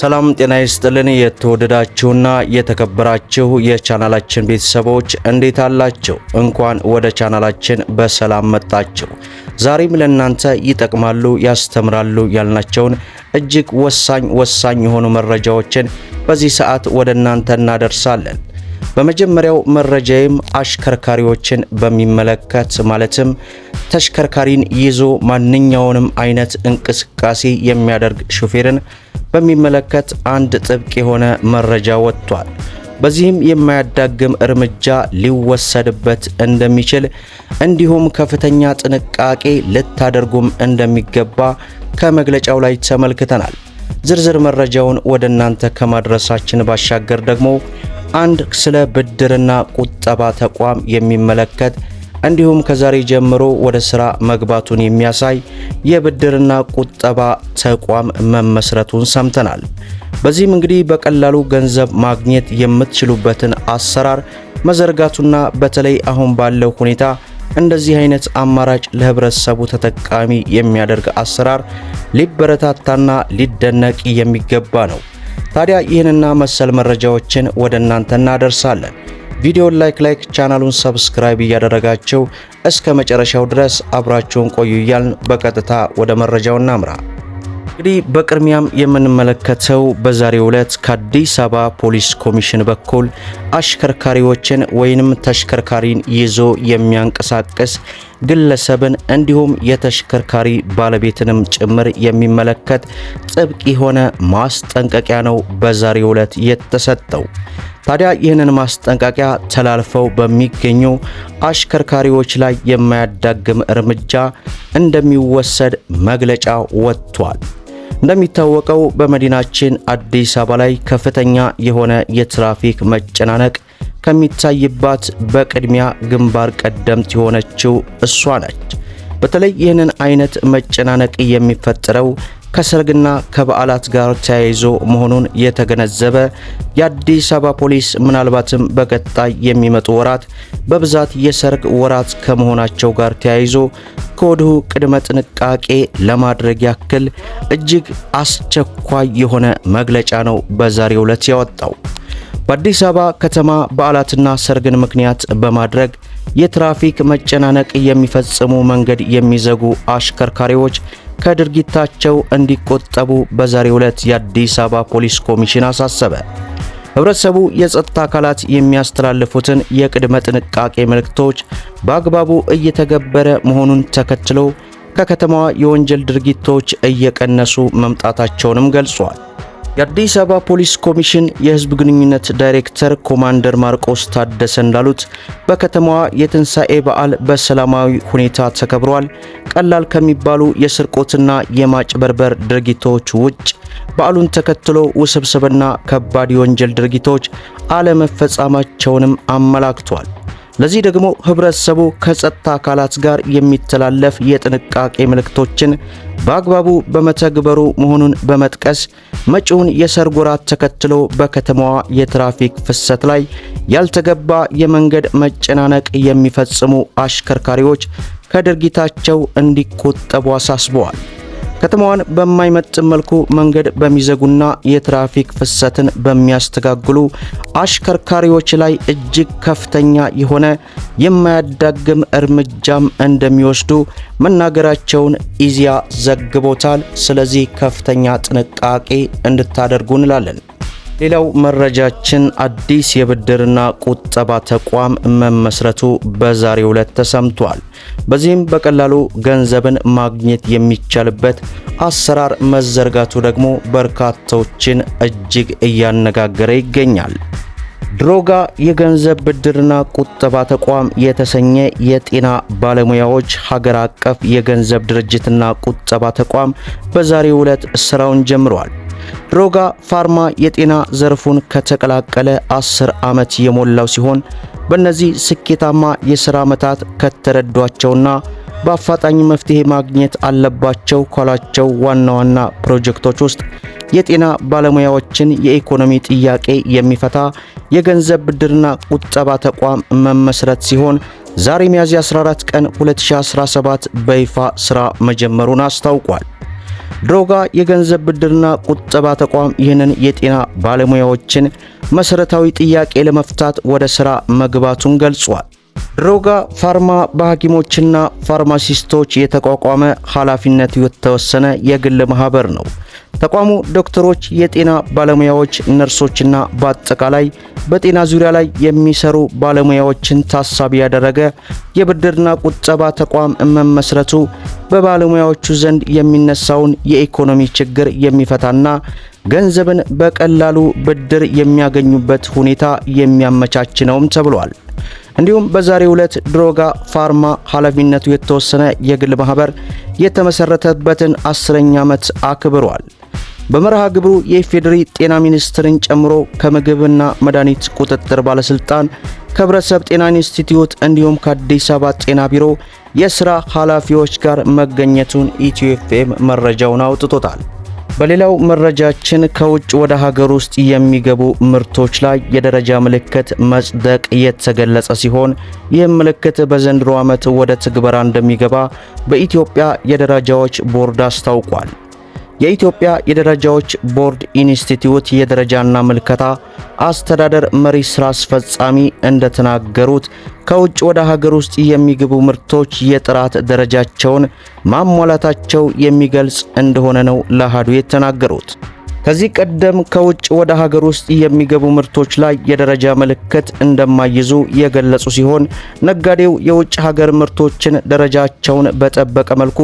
ሰላም ጤና ይስጥልን። የተወደዳችሁና የተከበራችሁ የቻናላችን ቤተሰቦች እንዴት አላችሁ? እንኳን ወደ ቻናላችን በሰላም መጣችሁ። ዛሬም ለእናንተ ይጠቅማሉ፣ ያስተምራሉ ያልናቸውን እጅግ ወሳኝ ወሳኝ የሆኑ መረጃዎችን በዚህ ሰዓት ወደ እናንተ እናደርሳለን። በመጀመሪያው መረጃዬም አሽከርካሪዎችን በሚመለከት ማለትም ተሽከርካሪን ይዞ ማንኛውንም አይነት እንቅስቃሴ የሚያደርግ ሹፌርን በሚመለከት አንድ ጥብቅ የሆነ መረጃ ወጥቷል። በዚህም የማያዳግም እርምጃ ሊወሰድበት እንደሚችል እንዲሁም ከፍተኛ ጥንቃቄ ልታደርጉም እንደሚገባ ከመግለጫው ላይ ተመልክተናል። ዝርዝር መረጃውን ወደ እናንተ ከማድረሳችን ባሻገር ደግሞ አንድ ስለ ብድርና ቁጠባ ተቋም የሚመለከት እንዲሁም ከዛሬ ጀምሮ ወደ ስራ መግባቱን የሚያሳይ የብድርና ቁጠባ ተቋም መመስረቱን ሰምተናል። በዚህም እንግዲህ በቀላሉ ገንዘብ ማግኘት የምትችሉበትን አሰራር መዘርጋቱና በተለይ አሁን ባለው ሁኔታ እንደዚህ አይነት አማራጭ ለህብረተሰቡ ተጠቃሚ የሚያደርግ አሰራር ሊበረታታና ሊደነቅ የሚገባ ነው። ታዲያ ይህንና መሰል መረጃዎችን ወደ እናንተ እናደርሳለን። ቪዲዮን ላይክ ላይክ ቻናሉን ሰብስክራይብ እያደረጋቸው እስከ መጨረሻው ድረስ አብራችሁን ቆዩ እያልን በቀጥታ ወደ መረጃው እናምራ። እንግዲህ በቅድሚያም የምንመለከተው በዛሬው ዕለት ከአዲስ አበባ ፖሊስ ኮሚሽን በኩል አሽከርካሪዎችን ወይንም ተሽከርካሪን ይዞ የሚያንቀሳቅስ ግለሰብን እንዲሁም የተሽከርካሪ ባለቤትንም ጭምር የሚመለከት ጥብቅ የሆነ ማስጠንቀቂያ ነው በዛሬው ዕለት የተሰጠው። ታዲያ ይህንን ማስጠንቀቂያ ተላልፈው በሚገኙ አሽከርካሪዎች ላይ የማያዳግም እርምጃ እንደሚወሰድ መግለጫ ወጥቷል። እንደሚታወቀው በመዲናችን አዲስ አበባ ላይ ከፍተኛ የሆነ የትራፊክ መጨናነቅ ከሚታይባት በቅድሚያ ግንባር ቀደምት የሆነችው እሷ ነች። በተለይ ይህንን አይነት መጨናነቅ የሚፈጠረው ከሰርግና ከበዓላት ጋር ተያይዞ መሆኑን የተገነዘበ የአዲስ አበባ ፖሊስ ምናልባትም በቀጣይ የሚመጡ ወራት በብዛት የሰርግ ወራት ከመሆናቸው ጋር ተያይዞ ከወዲሁ ቅድመ ጥንቃቄ ለማድረግ ያክል እጅግ አስቸኳይ የሆነ መግለጫ ነው በዛሬው ዕለት ያወጣው። በአዲስ አበባ ከተማ በዓላትና ሰርግን ምክንያት በማድረግ የትራፊክ መጨናነቅ የሚፈጽሙ መንገድ የሚዘጉ አሽከርካሪዎች ከድርጊታቸው እንዲቆጠቡ በዛሬው ዕለት የአዲስ አበባ ፖሊስ ኮሚሽን አሳሰበ። ህብረተሰቡ የጸጥታ አካላት የሚያስተላልፉትን የቅድመ ጥንቃቄ መልእክቶች በአግባቡ እየተገበረ መሆኑን ተከትሎ ከከተማዋ የወንጀል ድርጊቶች እየቀነሱ መምጣታቸውንም ገልጿል። የአዲስ አበባ ፖሊስ ኮሚሽን የህዝብ ግንኙነት ዳይሬክተር ኮማንደር ማርቆስ ታደሰ እንዳሉት በከተማዋ የትንሣኤ በዓል በሰላማዊ ሁኔታ ተከብሯል። ቀላል ከሚባሉ የስርቆትና የማጭበርበር ድርጊቶች ውጭ በዓሉን ተከትሎ ውስብስብና ከባድ የወንጀል ድርጊቶች አለመፈጻማቸውንም አመላክቷል። ለዚህ ደግሞ ህብረተሰቡ ከጸጥታ አካላት ጋር የሚተላለፍ የጥንቃቄ ምልክቶችን በአግባቡ በመተግበሩ መሆኑን በመጥቀስ መጪውን የሰርግ ወራት ተከትሎ በከተማዋ የትራፊክ ፍሰት ላይ ያልተገባ የመንገድ መጨናነቅ የሚፈጽሙ አሽከርካሪዎች ከድርጊታቸው እንዲቆጠቡ አሳስበዋል። ከተማዋን በማይመጥ መልኩ መንገድ በሚዘጉና የትራፊክ ፍሰትን በሚያስተጋግሉ አሽከርካሪዎች ላይ እጅግ ከፍተኛ የሆነ የማያዳግም እርምጃም እንደሚወስዱ መናገራቸውን ኢዚያ ዘግቦታል። ስለዚህ ከፍተኛ ጥንቃቄ እንድታደርጉ እንላለን። ሌላው መረጃችን አዲስ የብድርና ቁጠባ ተቋም መመስረቱ በዛሬው ዕለት ተሰምቷል። በዚህም በቀላሉ ገንዘብን ማግኘት የሚቻልበት አሰራር መዘርጋቱ ደግሞ በርካታዎችን እጅግ እያነጋገረ ይገኛል። ድሮጋ የገንዘብ ብድርና ቁጠባ ተቋም የተሰኘ የጤና ባለሙያዎች ሀገር አቀፍ የገንዘብ ድርጅትና ቁጠባ ተቋም በዛሬው ዕለት ስራውን ጀምሯል። ሮጋ ፋርማ የጤና ዘርፉን ከተቀላቀለ 10 ዓመት የሞላው ሲሆን በእነዚህ ስኬታማ የሥራ ዓመታት ከተረዷቸውና በአፋጣኝ መፍትሔ ማግኘት አለባቸው ካሏቸው ዋና ዋና ፕሮጀክቶች ውስጥ የጤና ባለሙያዎችን የኢኮኖሚ ጥያቄ የሚፈታ የገንዘብ ብድርና ቁጠባ ተቋም መመስረት ሲሆን ዛሬ ሚያዝያ 14 ቀን 2017 በይፋ ሥራ መጀመሩን አስታውቋል። ድሮጋ የገንዘብ ብድርና ቁጠባ ተቋም ይህንን የጤና ባለሙያዎችን መሰረታዊ ጥያቄ ለመፍታት ወደ ስራ መግባቱን ገልጿል። ሮጋ ፋርማ በሐኪሞችና ፋርማሲስቶች የተቋቋመ ኃላፊነቱ የተወሰነ የግል ማህበር ነው። ተቋሙ ዶክተሮች፣ የጤና ባለሙያዎች፣ ነርሶችና በአጠቃላይ በጤና ዙሪያ ላይ የሚሰሩ ባለሙያዎችን ታሳቢ ያደረገ የብድርና ቁጠባ ተቋም መመስረቱ በባለሙያዎቹ ዘንድ የሚነሳውን የኢኮኖሚ ችግር የሚፈታና ገንዘብን በቀላሉ ብድር የሚያገኙበት ሁኔታ የሚያመቻች ነውም ተብሏል። እንዲሁም በዛሬው ዕለት ድሮጋ ፋርማ ኃላፊነቱ የተወሰነ የግል ማህበር የተመሰረተበትን አስረኛ ዓመት አክብሯል። በመርሃ ግብሩ የኢፌዴሪ ጤና ሚኒስትርን ጨምሮ ከምግብና መድኃኒት ቁጥጥር ባለስልጣን፣ ከህብረተሰብ ጤና ኢንስቲትዩት እንዲሁም ከአዲስ አበባ ጤና ቢሮ የሥራ ኃላፊዎች ጋር መገኘቱን ኢትዮ ኤፍኤም መረጃውን አውጥቶታል። በሌላው መረጃችን ከውጭ ወደ ሀገር ውስጥ የሚገቡ ምርቶች ላይ የደረጃ ምልክት መጽደቅ የተገለጸ ሲሆን ይህም ምልክት በዘንድሮ ዓመት ወደ ትግበራ እንደሚገባ በኢትዮጵያ የደረጃዎች ቦርድ አስታውቋል። የኢትዮጵያ የደረጃዎች ቦርድ ኢንስቲትዩት የደረጃና ምልከታ አስተዳደር መሪ ስራ አስፈጻሚ እንደተናገሩት ከውጭ ወደ ሀገር ውስጥ የሚገቡ ምርቶች የጥራት ደረጃቸውን ማሟላታቸው የሚገልጽ እንደሆነ ነው ለአሃዱ የተናገሩት። ከዚህ ቀደም ከውጭ ወደ ሀገር ውስጥ የሚገቡ ምርቶች ላይ የደረጃ ምልክት እንደማይይዙ የገለጹ ሲሆን ነጋዴው የውጭ ሀገር ምርቶችን ደረጃቸውን በጠበቀ መልኩ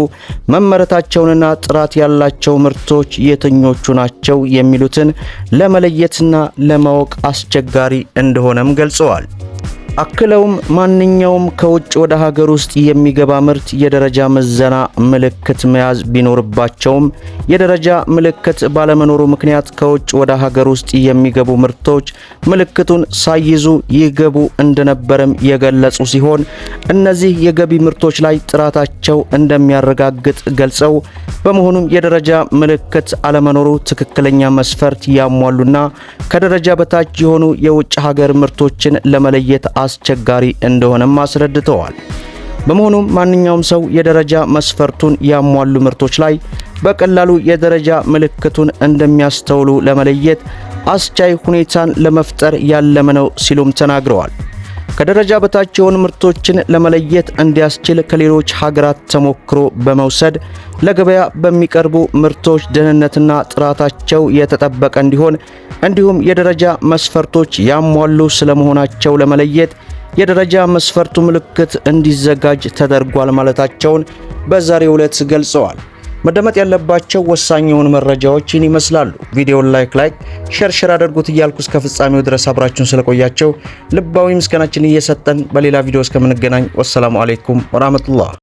መመረታቸውንና ጥራት ያላቸው ምርቶች የትኞቹ ናቸው የሚሉትን ለመለየትና ለማወቅ አስቸጋሪ እንደሆነም ገልጸዋል። አክለውም ማንኛውም ከውጭ ወደ ሀገር ውስጥ የሚገባ ምርት የደረጃ ምዘና ምልክት መያዝ ቢኖርባቸውም የደረጃ ምልክት ባለመኖሩ ምክንያት ከውጭ ወደ ሀገር ውስጥ የሚገቡ ምርቶች ምልክቱን ሳይዙ ይገቡ እንደነበረም የገለጹ ሲሆን እነዚህ የገቢ ምርቶች ላይ ጥራታቸው እንደሚያረጋግጥ ገልጸው በመሆኑም የደረጃ ምልክት አለመኖሩ ትክክለኛ መስፈርት ያሟሉና ከደረጃ በታች የሆኑ የውጭ ሀገር ምርቶችን ለመለየት አስቸጋሪ እንደሆነም አስረድተዋል። በመሆኑም ማንኛውም ሰው የደረጃ መስፈርቱን ያሟሉ ምርቶች ላይ በቀላሉ የደረጃ ምልክቱን እንደሚያስተውሉ ለመለየት አስቻይ ሁኔታን ለመፍጠር ያለመ ነው ሲሉም ተናግረዋል። ከደረጃ በታች የሆኑ ምርቶችን ለመለየት እንዲያስችል ከሌሎች ሀገራት ተሞክሮ በመውሰድ ለገበያ በሚቀርቡ ምርቶች ደህንነትና ጥራታቸው የተጠበቀ እንዲሆን እንዲሁም የደረጃ መስፈርቶች ያሟሉ ስለመሆናቸው ለመለየት የደረጃ መስፈርቱ ምልክት እንዲዘጋጅ ተደርጓል ማለታቸውን በዛሬው ዕለት ገልጸዋል። መደመጥ ያለባቸው ወሳኝ የሆኑ መረጃዎችን ይመስላሉ። ቪዲዮውን ላይክ ላይክ ሼር አድርጉት እያልኩ እስከ ፍጻሜው ድረስ አብራችሁን ስለቆያቸው ልባዊ ምስጋናችን እየሰጠን በሌላ ቪዲዮ እስከምንገናኝ ወሰላሙ አሌይኩም ወራህመቱላህ